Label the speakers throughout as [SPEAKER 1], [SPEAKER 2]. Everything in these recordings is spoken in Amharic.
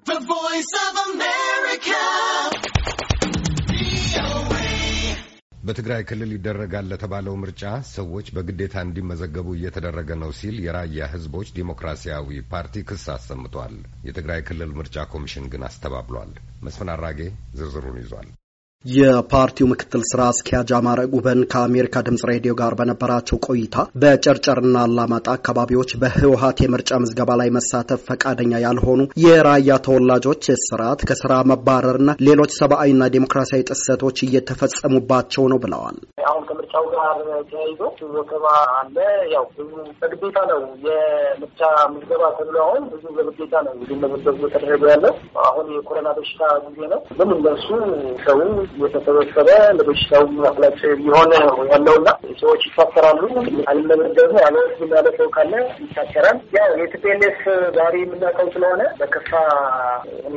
[SPEAKER 1] The Voice of America. በትግራይ ክልል ይደረጋል ለተባለው ምርጫ ሰዎች በግዴታ እንዲመዘገቡ እየተደረገ ነው ሲል የራያ ሕዝቦች ዲሞክራሲያዊ ፓርቲ ክስ አሰምቷል። የትግራይ ክልል ምርጫ ኮሚሽን ግን አስተባብሏል። መስፍን አራጌ ዝርዝሩን ይዟል።
[SPEAKER 2] የፓርቲው ምክትል ስራ አስኪያጅ አማረ ጉበን ከአሜሪካ ድምጽ ሬዲዮ ጋር በነበራቸው ቆይታ በጨርጨርና አላማጣ አካባቢዎች በህወሀት የምርጫ ምዝገባ ላይ መሳተፍ ፈቃደኛ ያልሆኑ የራያ ተወላጆች ስርዓት ከስራ መባረርና ሌሎች ሰብአዊና ዴሞክራሲያዊ ጥሰቶች እየተፈጸሙባቸው ነው ብለዋል።
[SPEAKER 1] አሁን ከምርጫው ጋር ተያይዞ ወከባ አለ። ያው ብዙ በግዴታ ነው የምርጫ ምዝገባ ተብሎ አሁን ብዙ በግዴታ ነው ብዙ መመዝገቡ ተደረገ ያለው አሁን የኮሮና በሽታ ጊዜ ነው። ምን እንደሱ ሰው የተሰበሰበ ለበሽታው አፍላጭ የሆነ ያለውና ሰዎች ይሳፈራሉ። አልመመገቡ ያለ ያለ ሰው ካለ ይሳፈራል። ያው የቲፒኤልኤፍ ዛሬ የምናውቀው ስለሆነ በከፋ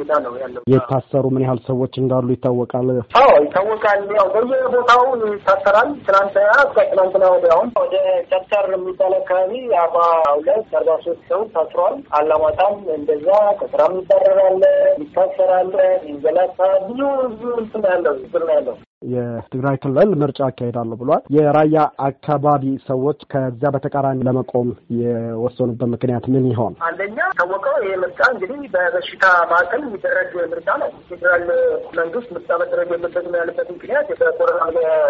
[SPEAKER 1] ሁኔታ ነው ያለው።
[SPEAKER 2] የታሰሩ ምን ያህል ሰዎች እንዳሉ ይታወቃል?
[SPEAKER 1] አዎ ይታወቃል። ያው በየቦታው ይታሰራል። ትናንትና እስከ ትናንትና ወደ አሁን ወደ ጨርጨር የሚባል አካባቢ አርባ ሁለት አርባ ሶስት ሰው ታስሯል። አላማጣም እንደዛ ከስራ የሚባረራለ ይታሰራለ ይንገላታ ብዙ ብዙ እንትን ያለው ዝር ነው ያለው
[SPEAKER 3] የትግራይ
[SPEAKER 2] ክልል ምርጫ አካሄዳለሁ ብሏል። የራያ አካባቢ ሰዎች ከዚያ በተቃራኒ ለመቆም የወሰኑበት ምክንያት ምን ይሆን?
[SPEAKER 1] አንደኛ ታወቀው ይህ ምርጫ እንግዲህ በበሽታ ማዕከል የሚደረግ ምርጫ ነው። ፌዴራል መንግስት ምርጫ መደረግ የለበትም ያለበት ምክንያት በኮሮና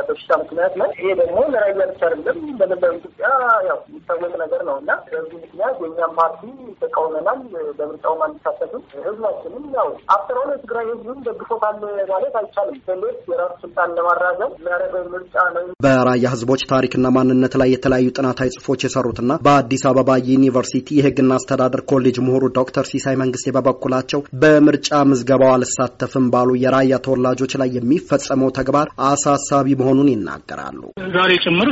[SPEAKER 1] በሽታ ምክንያት ነው። ይሄ ደግሞ ለራያ ብቻ አይደለም፣ በመላው ኢትዮጵያ ያው የሚታወቅ ነገር ነው እና በዚህ ምክንያት የእኛም ፓርቲ ተቃውመናል። በምርጫው አንሳተፍም። ህዝባችንም ያው አፍተር ትግራይ የትግራይ ህዝብም ደግፎታል ማለት አይቻልም። ሌሎች የራሱ ስልጣ ስልጣን ለማራዘም የሚያደርገው ምርጫ ነው።
[SPEAKER 2] በራያ ህዝቦች ታሪክና ማንነት ላይ የተለያዩ ጥናታዊ ጽሁፎች የሰሩትና በአዲስ አበባ ዩኒቨርሲቲ የህግና አስተዳደር ኮሌጅ ምሁሩ ዶክተር ሲሳይ መንግስቴ በበኩላቸው በምርጫ ምዝገባው አልሳተፍም ባሉ የራያ ተወላጆች ላይ የሚፈጸመው ተግባር አሳሳቢ መሆኑን ይናገራሉ።
[SPEAKER 3] ዛሬ ጭምር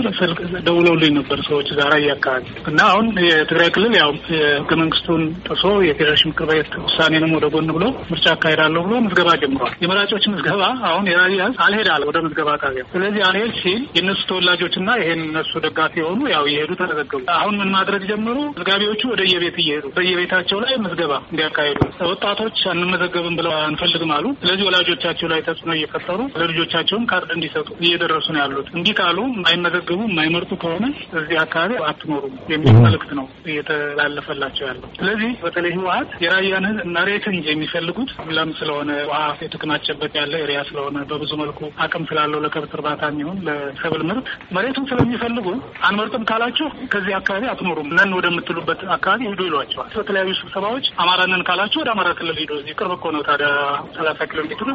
[SPEAKER 3] ደውለውልኝ ነበር ሰዎች ዛሬ አካባቢ እና አሁን የትግራይ ክልል ያው የህገ መንግስቱን ጥሶ የፌዴሬሽን ምክር ቤት ውሳኔንም ወደ ጎን ብሎ ምርጫ አካሄዳለሁ ብሎ ምዝገባ ጀምሯል። የመራጮች ምዝገባ አሁን የራያ አልሄዳ አለ ወደ ምዝገባ ጣቢያ። ስለዚህ አልሄድ ሲል የእነሱ ተወላጆች እና ይሄን እነሱ ደጋፊ የሆኑ ያው እየሄዱ ተመዘገቡ። አሁን ምን ማድረግ ጀመሩ? መዝጋቢዎቹ ወደየቤት እየሄዱ በየቤታቸው ላይ ምዝገባ እንዲያካሄዱ፣ ወጣቶች አንመዘገብም ብለው አንፈልግም አሉ። ስለዚህ ወላጆቻቸው ላይ ተጽዕኖ እየፈጠሩ ለልጆቻቸውም ካርድ እንዲሰጡ እየደረሱ ነው ያሉት። እንዲህ ካሉ የማይመዘግቡ የማይመርጡ ከሆነ እዚህ አካባቢ አትኖሩም የሚል መልእክት ነው እየተላለፈላቸው ያለው። ስለዚህ በተለይ ህወሀት የራያን ህዝብ መሬትን የሚፈልጉት ለም ስለሆነ ውሀ የተከማቸበት ያለ ኤሪያ ስለሆነ በብዙ መልኩ አቅም ስላለው ለከብት እርባታ የሚሆን ለሰብል ምርት መሬቱን ስለሚፈልጉ አንመርጥም ካላችሁ ከዚህ አካባቢ አትኖሩም ነን ወደምትሉበት አካባቢ ሂዱ ይሏቸዋል። በተለያዩ ስብሰባዎች አማራ ነን ካላችሁ ወደ አማራ ክልል ሂዱ፣ እዚህ ቅርብ እኮ ነው ታዲያ ሰላሳ ኪሎ ሜትሩ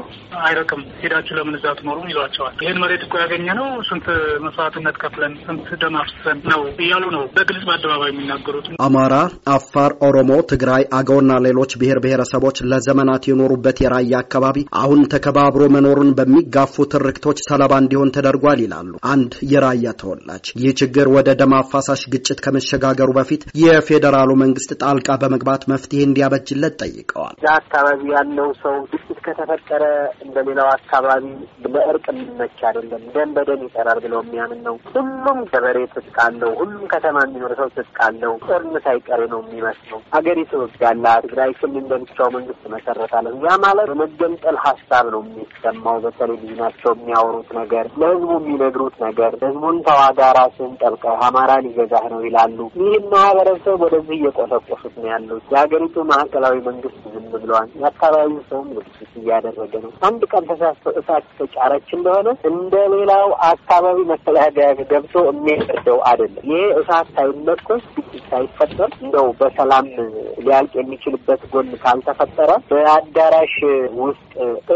[SPEAKER 3] አይረቅም፣ ሄዳችሁ ለምን እዛ አትኖሩም ይሏቸዋል። ይህን መሬት እኮ ያገኘ ነው ስንት መስዋዕትነት ከፍለን ስንት ደም አፍሰን ነው እያሉ ነው በግልጽ በአደባባይ የሚናገሩት። አማራ፣
[SPEAKER 2] አፋር፣ ኦሮሞ፣ ትግራይ፣ አገውና ሌሎች ብሔር ብሔረሰቦች ለዘመናት የኖሩበት የራያ አካባቢ አሁን ተከባብሮ መኖሩን በሚጋፉት ትርክቶች ሰለባ እንዲሆን ተደርጓል ይላሉ አንድ የራያ ተወላጅ። ይህ ችግር ወደ ደም አፋሳሽ ግጭት ከመሸጋገሩ በፊት የፌዴራሉ መንግስት ጣልቃ በመግባት መፍትሄ እንዲያበጅለት ጠይቀዋል።
[SPEAKER 1] እዛ አካባቢ ያለው ሰው ግጭት ከተፈጠረ እንደሌላው አካባቢ ለእርቅ የሚመች አይደለም። ደም በደም ይጠራል ብለው የሚያምን ነው። ሁሉም ገበሬ ትጥቅ አለው። ሁሉም ከተማ የሚኖር ሰው ትጥቅ አለው። ጦርነት አይቀሬ ነው የሚመስለው። አገሪቱ ያላ ትግራይ ክልል በሚቻው መንግስት መሰረታለ። ያ ማለት በመገንጠል ሀሳብ ነው የሚሰማው። በተለይ ልዩ ናቸው እሳቸው የሚያወሩት ነገር፣ ለህዝቡ የሚነግሩት ነገር ህዝቡን ተዋጋ፣ ራስን ጠብቀህ አማራ ሊገዛህ ነው ይላሉ። ይህን ማህበረሰብ ወደዚህ እየቆሰቆሱት ነው ያሉት። የሀገሪቱ ማዕከላዊ መንግስት ዝም ብለዋል። የአካባቢው ሰውም ግጭት እያደረገ ነው። አንድ ቀን ተሳስቶ እሳት ተጫረች እንደሆነ እንደ ሌላው አካባቢ መከላከያ ገብቶ የሚያደርገው አይደለም። ይሄ እሳት ሳይመኮስ ግጭት ሳይፈጠር እንደው በሰላም ሊያልቅ የሚችልበት ጎን ካልተፈጠረ በአዳራሽ ውስጥ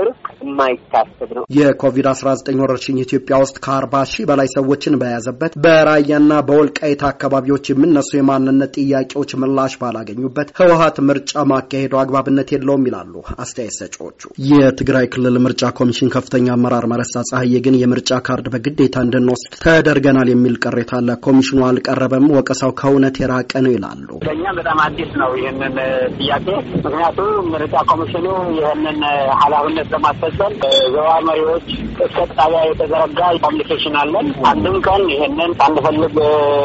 [SPEAKER 1] እርቅ የማይታሰብ ነው።
[SPEAKER 2] የኮቪድ የኮቪድ-19 ወረርሽኝ ኢትዮጵያ ውስጥ ከአርባ ሺህ በላይ ሰዎችን በያዘበት በራያና በወልቃይት አካባቢዎች የሚነሱ የማንነት ጥያቄዎች ምላሽ ባላገኙበት ህወሀት ምርጫ ማካሄዱ አግባብነት የለውም ይላሉ አስተያየት ሰጪዎቹ። የትግራይ ክልል ምርጫ ኮሚሽን ከፍተኛ አመራር መረሳ ጸሐዬ ግን የምርጫ ካርድ በግዴታ እንድንወስድ ተደርገናል የሚል ቅሬታ አለ። ኮሚሽኑ አልቀረበም፣ ወቀሳው ከእውነት የራቀ ነው ይላሉ።
[SPEAKER 1] በእኛም በጣም አዲስ ነው ይህንን ጥያቄ ምክንያቱም ምርጫ ኮሚሽኑ ይህንን ኃላፊነት ለማስፈጸም ዘዋ መሪዎች እስከ ጣቢያ የተዘረጋ ፓብሊኬሽን አለን። አንድም ቀን ይህንን አንፈልግ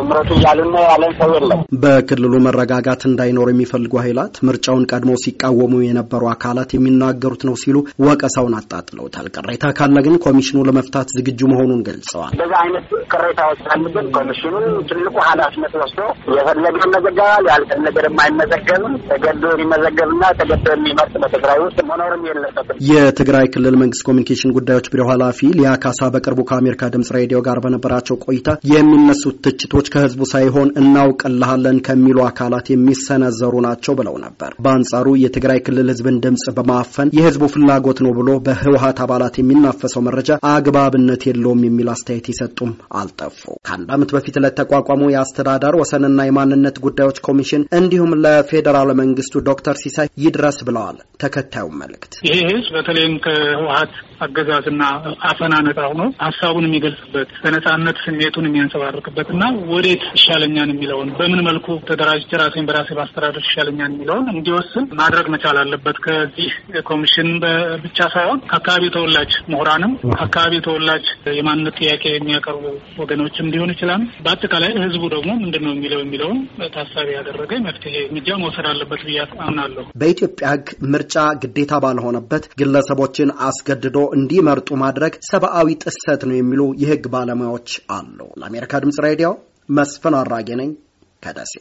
[SPEAKER 1] ምረቱ እያልን ያለን ሰው የለም።
[SPEAKER 2] በክልሉ መረጋጋት እንዳይኖር የሚፈልጉ ኃይላት ምርጫውን ቀድሞ ሲቃወሙ የነበሩ አካላት የሚናገሩት ነው ሲሉ ወቀሳውን አጣጥለውታል። ቅሬታ ካለ ግን ኮሚሽኑ ለመፍታት ዝግጁ መሆኑን ገልጸዋል።
[SPEAKER 1] በዛ አይነት ቅሬታዎች ግን ኮሚሽኑ ትልቁ ኃላፊነት ወስዶ የፈለገ ይመዘገባል፣ ነገር የማይመዘገብም ተገዶ የሚመዘገብና ተገዶ የሚመርጥ በትግራይ ውስጥ መኖርም
[SPEAKER 2] የለበትም። የትግራይ ክልል መንግስት ኮሚኒኬሽን ጉዳዮች ቢሮ ኃላፊ ሊያ ካሳ በቅርቡ ከአሜሪካ ድምጽ ሬዲዮ ጋር በነበራቸው ቆይታ የሚነሱት ትችቶች ከህዝቡ ሳይሆን እናውቅልሃለን ከሚሉ አካላት የሚሰነዘሩ ናቸው ብለው ነበር። በአንጻሩ የትግራይ ክልል ህዝብን ድምጽ በማፈን የህዝቡ ፍላጎት ነው ብሎ በህወሀት አባላት የሚናፈሰው መረጃ አግባብነት የለውም የሚል አስተያየት ይሰጡም አልጠፉ። ከአንድ ዓመት በፊት ለተቋቋመው የአስተዳደር ወሰንና የማንነት ጉዳዮች ኮሚሽን እንዲሁም ለፌዴራል መንግስቱ ዶክተር ሲሳይ ይድረስ ብለዋል ተከታዩን መልእክት
[SPEAKER 3] ይህ ህዝብ በተለይም ከህወሀት አገዛዝና አፈና ነጻ ሆኖ ሀሳቡን የሚገልጽበት በነጻነት ስሜቱን የሚያንጸባርቅበት እና ወዴት ይሻለኛን የሚለውን በምን መልኩ ተደራጅቼ ራሴን በራሴ ማስተዳደር ይሻለኛን የሚለውን እንዲወስን ማድረግ መቻል አለበት። ከዚህ ኮሚሽን ብቻ ሳይሆን ከአካባቢ ተወላጅ ምሁራንም ከአካባቢ ተወላጅ የማንነት ጥያቄ የሚያቀርቡ ወገኖችም ሊሆን ይችላል። በአጠቃላይ ህዝቡ ደግሞ ምንድን ነው የሚለው የሚለውን ታሳቢ ያደረገ መፍትሄ እርምጃ መውሰድ አለበት ብዬ አምናለሁ።
[SPEAKER 2] በኢትዮጵያ ህግ ምርጫ ግዴታ ባልሆነበት ግለሰቦችን አስገድዶ እንዲመርጡ ማድረግ ማድረግ ሰብአዊ ጥሰት ነው የሚሉ የህግ ባለሙያዎች አሉ። ለአሜሪካ ድምጽ ሬዲዮ መስፍን አራጌ ነኝ ከደሴ